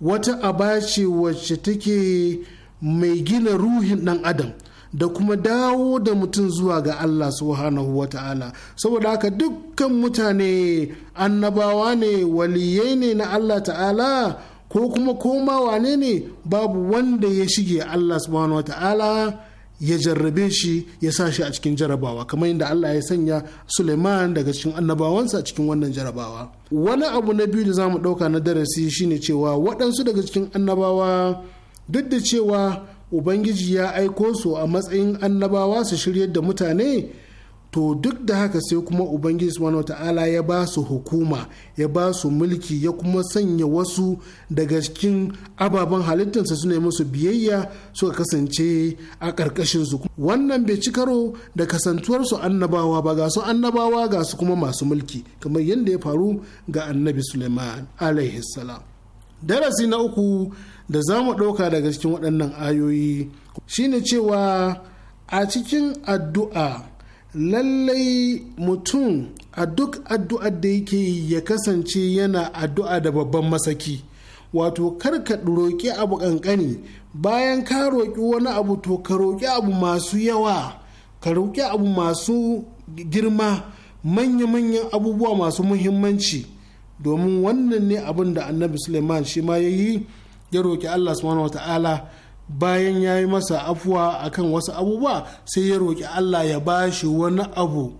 wata aba ce wacce take mai gina ruhin ɗan adam da kuma dawo da mutum zuwa ga Allah subhanahu wa ta'ala saboda haka dukkan mutane annabawa ne waliyai ne na Allah ta'ala ko kuma koma wane ne babu wanda ya shige Allah subhanahu wa ta'ala ya jarrabe shi ya sa shi a cikin jarabawa kamar yadda Allah ya sanya Suleiman daga cikin annabawansa cikin wannan jarabawa wani abu na biyu da za mu ɗauka na darasi shine cewa waɗansu daga cikin annabawa duk da cewa ubangiji ya aiko su a matsayin annabawa su shirya da mutane to duk da haka sai kuma ubangiji subhanahu ta'ala ya ba su hukuma ya ba su mulki ya kuma sanya wasu daga cikin ababen halittarsa su ne musu biyayya suka kasance a karkashin su wannan bai ci karo da kasantuwar su annabawa ba ga su annabawa ga su kuma masu mulki kamar yadda ya faru ga annabi suleiman alaihi darasi na uku da za mu ɗauka daga cikin waɗannan ayoyi shine cewa a cikin addu'a lallai mutum a duk addu'ar da yake ya kasance yana addu'a da babban masaki wato kar ka roƙi abu ƙanƙani bayan ka roƙi wani abu to ka roƙi abu masu yawa ka roƙi abu masu girma manya-manyan abubuwa masu muhimmanci domin wannan ne abin da annabi suleiman shi ma ya yi ya roƙi allah subhanahu wata'ala bayan ya yi masa afuwa akan wasu abubuwa sai ya roki allah ya ba shi wani abu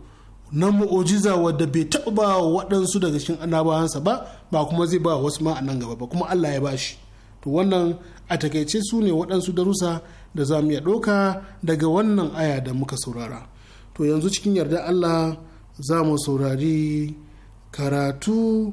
na mu'ujiza wadda bai taɓa ba waɗansu daga cikin annabawansa ba ba kuma zai ba wasu ma a nan gaba ba kuma allah ya ba shi to wannan a takaice su ne waɗansu darussa da za mu iya ɗauka daga wannan aya da muka saurara to yanzu cikin yarda allah za mu saurari karatu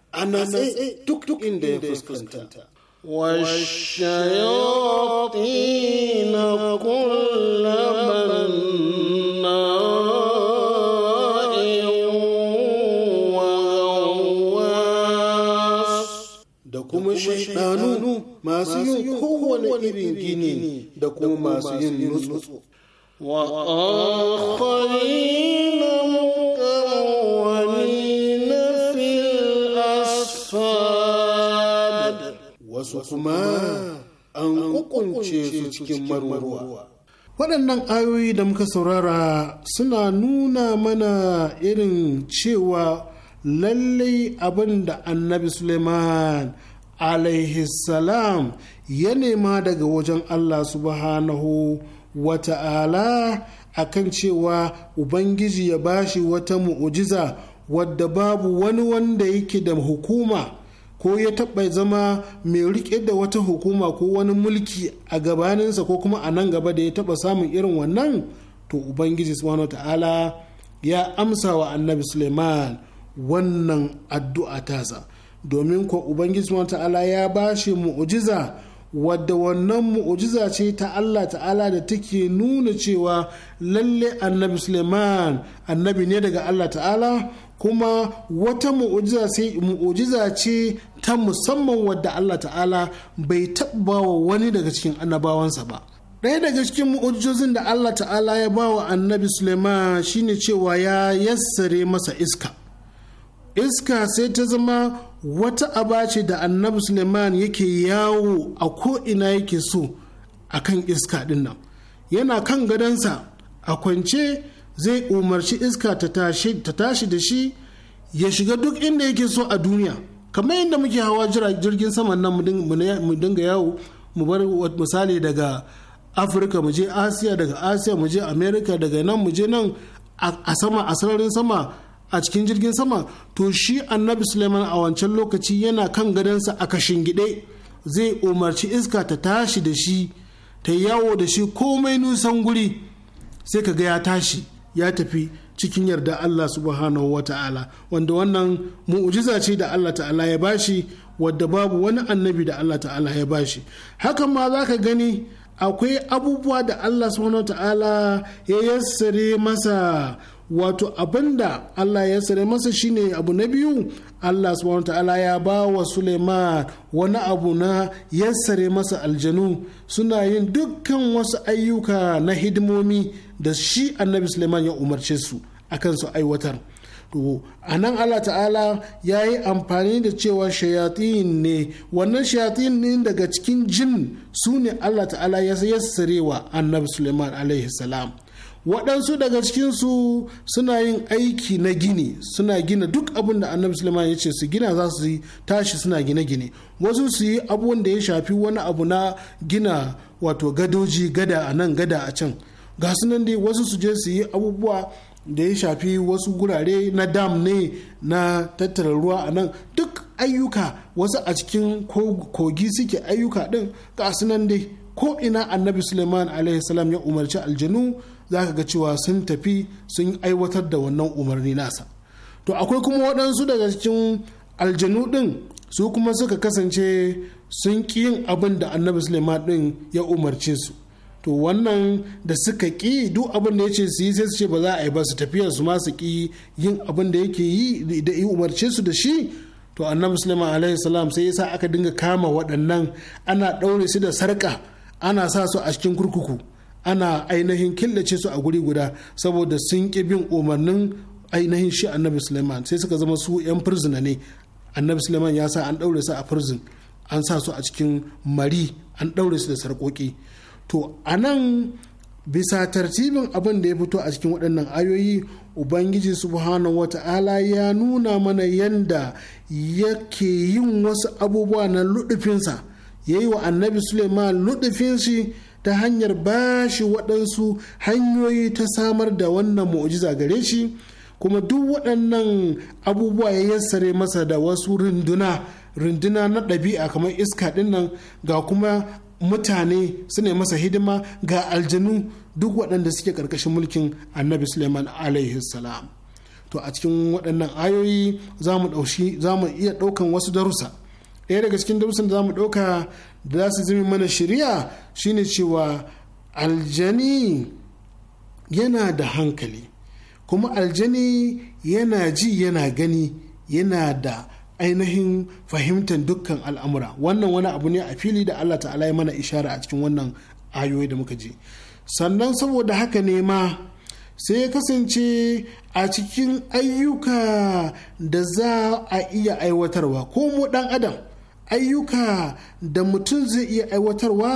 a natse eh, eh, eh, duk duk ya fuskanta والشياطين كل بناء da kuma shaidanu masu da kuma masu yin nutsu. wasu kuma an kukunce su cikin maruwa. Waɗannan ayoyi da muka saurara suna nuna mana irin cewa lallai abin da annabi Suleiman salam ya nema daga wajen Allah subhanahu wa ta'ala a kan cewa Ubangiji ya bashi wata mu'ujiza wadda babu wani wanda yake da hukuma. ko ya taɓa zama mai riƙe da wata hukuma ko wani mulki a gabaninsa ko kuma a nan gaba da ya taɓa samun irin wannan to ubangiji subhanahu ta'ala ya amsa wa annabi suleiman wannan addu'a tasa domin ko ubangiji subhanahu ta'ala ya bashi mu'ujiza wadda wannan mu'ujiza ce ta Allah ta'ala da take nuna cewa lalle annabi suleiman annabi ne daga Allah ta'ala kuma wata mu'ujiza ce ta musamman wadda Allah ta'ala bai taɓa wa wani daga cikin annabawansa ba ɗaya daga cikin mu'ujizozin da Allah ta'ala ya ba wa annabi Suleiman shine cewa ya yassare masa iska iska sai ta zama wata aba ce da annabi suleiman yake yawo a ko'ina yake so a kan iska ɗin nan yana kan gadonsa a kwance zai umarci iska ta tashi da shi ya shiga duk inda yake so a duniya kamar yadda muke hawa jirgin saman nan mu dinga yawo mu bar misali daga afirka mu je asiya daga asiya mu je america daga nan mu je nan a sama a sararin sama a cikin jirgin sama to shi annabi suleiman a wancan lokaci yana kan gadansa a kashin gide zai umarci iska ta tashi da shi ta yawo da shi komai nusan guri sai ka ga ya tashi ya tafi cikin yarda Allah subhanahu wa ta'ala wanda wannan mu'ujiza ce da Allah ta'ala ya bashi wadda babu wani annabi da Allah ta'ala ya bashi hakan ma za ka gani akwai abubuwa da Allah subhanahu wa ta'ala ya yassare masa wato abinda Allah ya sare masa shine abu na biyu Allah subhanahu ta'ala ya ba wa Suleiman wani abu na yassare masa aljanu suna yin dukkan wasu ayyuka na hidimomi da shi annabi suleiman ya umarce su a kan su aiwatar a nan allah ta'ala ya yi amfani da cewa shayatin ne wannan shayatin ne daga cikin jin su ne allah ta'ala ya yassarewa annabi suleiman alaihi salam waɗansu daga cikinsu suna yin aiki na gini suna gina duk abin da annabi suleiman ya ce su gina za su yi tashi suna gine-gine wasu su yi abubuwan da ya shafi wani abu na gina wato gadoji gada a nan gada a can ga su nan dai wasu su je su yi abubuwa da ya shafi wasu gurare na dam ne na tattara ruwa a nan duk ayyuka wasu a cikin kogi suke ayyuka din ga su nan dai ko ina annabi suleiman salam ya umarci aljanu za ka ga cewa sun tafi sun aiwatar da wannan umarni nasa to akwai kuma waɗansu daga cikin aljanu din su kuma suka kasance sun ƙi yin abin da annabi suleiman ɗin ya umarce su to wannan da suka ki duk abin da ya ce su yi sai su ce ba za a yi ba su tafiya su ma su ƙi yin abin da yake yi da yi umarce su da shi to annabi sulaiman alaihi salam sai yasa aka dinga kama waɗannan ana ɗaure su da sarƙa ana sa su a cikin kurkuku ana ainihin killace su a guri guda saboda sun ƙi bin umarnin ainihin shi annabi sulaiman sai suka zama su 'yan firzina ne annabi sulaiman ya sa an ɗaure su a firzin an sa su a cikin mari an ɗaure su da sarƙoƙi to a nan bisa tartibin abin da ya fito a cikin waɗannan ayoyi ubangiji subhanahu wata'ala ya nuna mana yanda yake yin wasu abubuwa na luɗufinsa ya yi wa annabi suleiman luɗufin shi ta hanyar ba shi waɗansu hanyoyi ta samar da wannan mu'ujiza gare shi kuma duk waɗannan abubuwa ya yassare masa da wasu runduna runduna na ɗabi'a kamar iska ɗinnan ga kuma mutane su ne masa hidima ga aljanu duk waɗanda suke ƙarƙashin mulkin annabi suleiman alaihi salam to a cikin waɗannan ayoyi za mu iya ɗaukan wasu darusa ɗaya daga cikin darussan da za mu ɗauka da za su zimi mana shirya shine cewa aljani yana da hankali kuma aljani yana ji yana gani yana da ainihin fahimtar dukkan al'amura wannan wani abu ne a fili da allah ta'ala ya mana ishara a cikin wannan ayoyi da muka je sannan saboda haka ne ma sai ya kasance a cikin ayyuka da za a iya aiwatarwa ko mu dan adam ayyuka da mutum zai iya aiwatarwa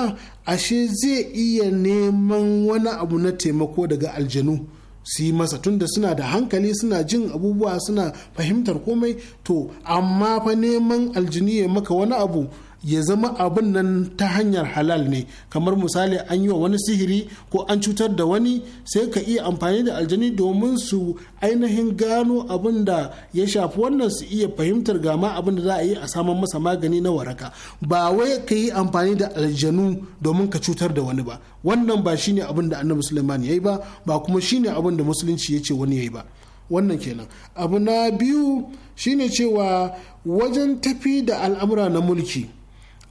ashe zai iya neman wani abu na taimako daga aljanu su yi masa tunda suna da hankali suna jin abubuwa suna fahimtar komai to amma fa neman aljini ya maka wani abu ya zama abun nan ta hanyar halal ne kamar misali an yi wa wani sihiri ko an cutar da wani sai ka iya amfani da aljani domin su ainihin gano abin da ya shafi wannan su iya fahimtar gama abin da za a yi a saman masa magani na waraka ba wai ka yi amfani da aljanu domin ka cutar da wani ba wannan ba shine abin da annabi suleiman ya yi ba ba kuma shine abin da musulunci ya ce wani ya yi ba wannan kenan abu na biyu shine cewa wajen tafi da al'amura na mulki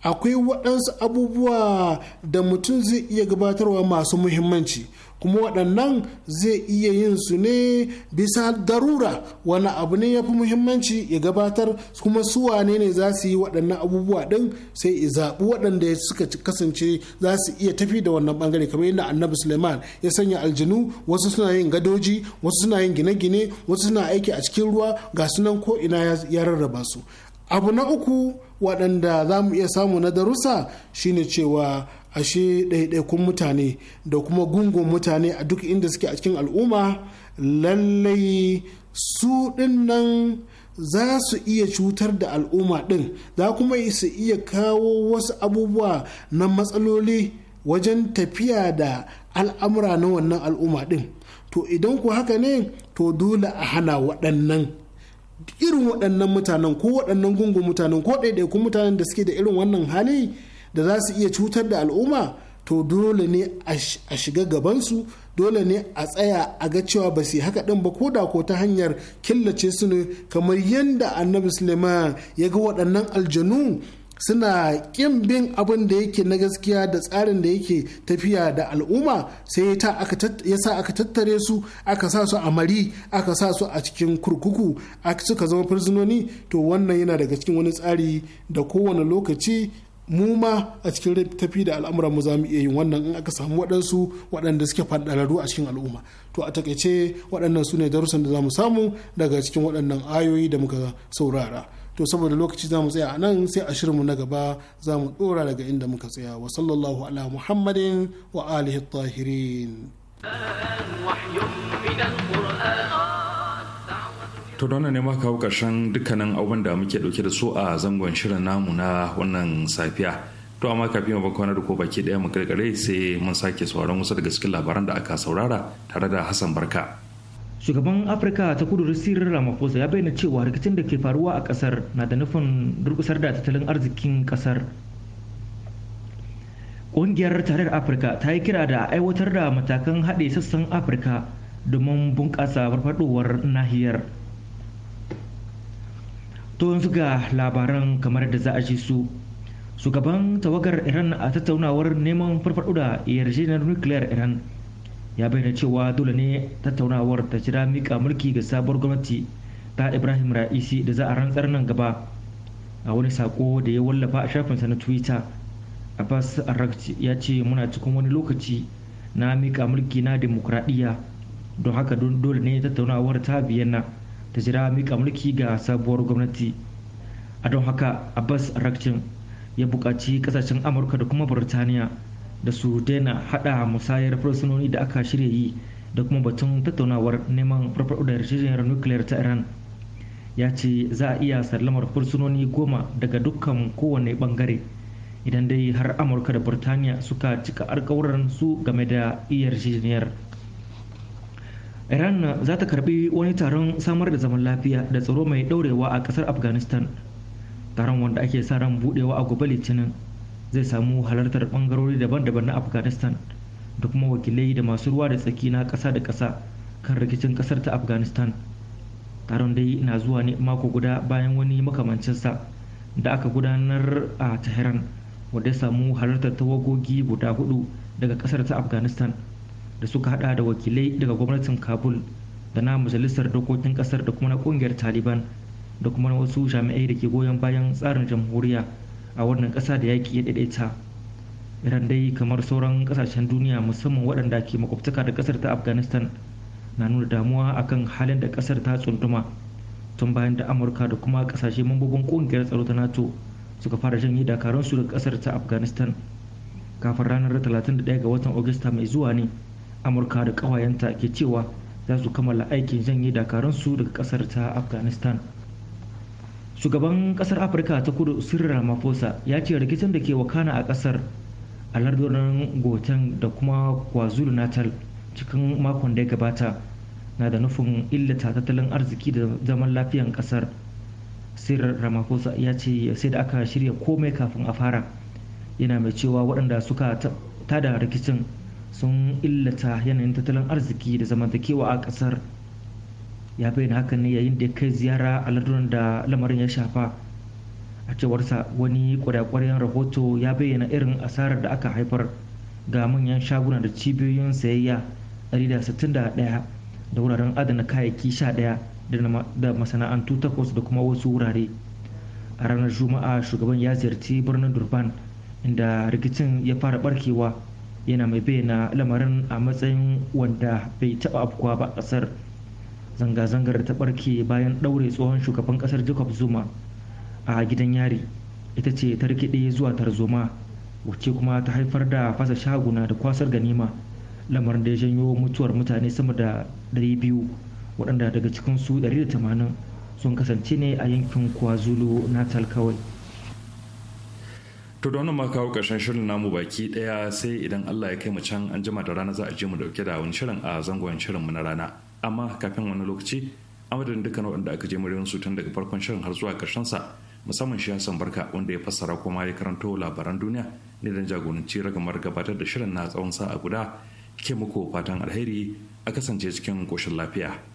akwai waɗansu abubuwa da mutum zai iya gabatarwa masu muhimmanci kuma waɗannan zai iya yin su ne bisa darura wani abu ne ya fi muhimmanci ya gabatar kuma su wane ne za su yi waɗannan abubuwa ɗin sai ya zaɓi waɗanda suka kasance za su iya tafi da wannan ɓangare kamar yadda annabi suleiman ya sanya aljinu wasu suna yin gadoji wasu suna yin gine-gine wasu suna aiki a cikin ruwa ga sunan ko ina ya rarraba su abu na uku waɗanda za mu iya samu na darussa shine cewa ashe ɗaiɗaikun mutane da kuma gungun mutane a duk inda suke a cikin al'umma lallai su nan za su iya cutar da al'umma ɗin za kuma su iya kawo wasu abubuwa na matsaloli wajen tafiya da al'amura na wannan al'umma ɗin to idan ku haka ne to dole a hana waɗannan irin waɗannan mutanen ko waɗannan gungun mutanen ko ɗaiɗaikun mutanen da suke da irin wannan hali da za su iya cutar da al'umma to dole ne a shiga gabansu dole ne a tsaya a ga cewa ba su haka ɗin ba ko da ko ta hanyar killace su ne kamar yadda annabi suleiman ya ga waɗannan aljanu suna ƙin bin abin da yake na gaskiya da tsarin da yake tafiya da al'umma sai ya sa aka tattare su aka sa su a mari aka sa su a cikin kurkuku aka suka zama fursunoni to wannan yana daga cikin wani tsari da kowane lokaci mu ma a cikin tafi da al'amuran mu za iya yin wannan in aka samu waɗansu waɗanda suke faɗararru a cikin al'umma to a takaice waɗannan su ne darussan da zamu samu daga cikin waɗannan ayoyi da muka saurara to saboda lokaci za mu tsaya a nan sai a shirinmu na gaba za mu dora daga inda muka tsaya wa sallallahu ala muhammadin wa alihi tahirin to don ne maka kawo karshen dukkanin abubuwan da muke dauke da su a zangon shirin namu na wannan safiya to amma kafin mu kwana da ko baki daya mu kirkire sai mun sake sauraron wasu daga cikin labaran da aka saurara tare da Hassan Barka shugaban afirka ta kudu sirri ramaphosa ya bayyana cewa rikicin da ke faruwa a kasar na da nufin durkusar da tattalin arzikin kasar ƙungiyar tarayyar afirka ta yi kira da aiwatar da matakan haɗe sassan afirka domin bunƙasa farfadowar nahiyar to yanzu ga labaran kamar da za a ji su shugaban tawagar iran a tattaunawar neman farfado da yarjejeniyar nukiliyar iran ya bayyana cewa dole ne tattaunawar ta jira mika mulki ga sabuwar gwamnati ta ibrahim ra'isi da za a rantsar nan gaba a wani sako da ya wallafa a shafinsa na twitter abbas arakci ya ce muna cikin wani lokaci na mika mulki na demokradiyya don haka dole ne tattaunawar ta biyanna ta jira mika mulki ga sabuwar gwamnati a don haka abbas arakcin ya buƙaci ƙasashen amurka da kuma burtaniya da su daina hada musayar fursunoni da aka shirya yi da kuma batun tattaunawar neman farfaɗo da nukiliyar ta iran ya ce za a iya sallamar fursunoni goma daga dukkan kowane bangare idan dai har amurka da burtaniya suka cika alkawuran su game da yarjejeniyar iran za ta karbi wani taron samar da zaman lafiya da tsaro mai daurewa a kasar afghanistan taron wanda ake sa ran budewa a gobe litinin zai samu halartar bangarori daban-daban na afghanistan da kuma wakilai da masu ruwa da tsaki na kasa da kasa kan rikicin ƙasar ta afghanistan taron dai na zuwa ne mako guda bayan wani makamancinsa da aka gudanar a tehran wanda ya samu halartar tawagogi guda hudu daga ƙasar ta afghanistan da suka hada da wakilai daga gwamnatin kabul da na majalisar dokokin ƙasar da kuma na ƙungiyar taliban da kuma na wasu jami'ai da ke goyon bayan tsarin jamhuriya a wannan ƙasa da yaƙi ya daidaita iran dai kamar sauran ƙasashen duniya musamman waɗanda ke makwabtaka da ƙasar ta afghanistan na nuna damuwa akan halin da ƙasar ta tsunduma tun bayan da amurka da kuma ƙasashe mambobin ƙungiyar tsaro ta nato suka fara janye dakaransu daga ƙasar ta afghanistan kafin ranar 31 ga watan agusta mai zuwa ne amurka da ƙawayenta ke cewa za su kammala aikin janye dakaransu daga ƙasar ta afghanistan shugaban kasar afirka ta kudu sirri ramaphosa ya ce rikicin da ke wakana a kasar a lardunan goten da kuma kwazulu natal cikin makon da ya gabata na da nufin illata tattalin arziki da zaman lafiyan kasar sirri ramaphosa ya ce sai da aka shirya komai kafin a fara yana mai cewa waɗanda suka tada rikicin sun illata yanayin tattalin arziki da zamantakewa a kasar ya bayyana hakan ne yayin da ya kai ziyara a lardunan da lamarin ya shafa a cewarsa wani kwarakwaryen rahoto ya bayyana irin asarar da aka haifar ga manyan shaguna da cibiyoyin sayayya 161 da wuraren adana kayayyaki 11 da masana'antu takwas da kuma wasu wurare a ranar juma'a shugaban ya ziyarci birnin durban inda rikicin ya fara barkewa yana mai bayyana lamarin a matsayin wanda bai taba afkuwa ba ƙasar kasar zanga-zangar da ta barke bayan ɗaure tsohon shugaban ƙasar jacob zuma a gidan yari ita ce ta rikide zuwa tarzoma wacce kuma ta haifar da fasa shaguna da kwasar ganima lamarin da ya janyo mutuwar mutane sama da 200 waɗanda daga cikinsu 180 sun kasance ne a yankin kwazulu natal kawai to da wannan ma kawo ƙarshen shirin namu baki ɗaya sai idan allah ya kai mu can an jima da rana za a je mu dauke da wani shirin a zangon mu na rana amma kafin wani lokaci a madadin dukkan waɗanda aka je muryoyin su tun daga farkon shirin har zuwa ƙarshen sa musamman shi Hassan Barka wanda ya fassara kuma ya karanto labaran duniya ne dan jagoranci ragamar gabatar da shirin na tsawon sa'a guda ke muku fatan alheri a kasance cikin koshin lafiya.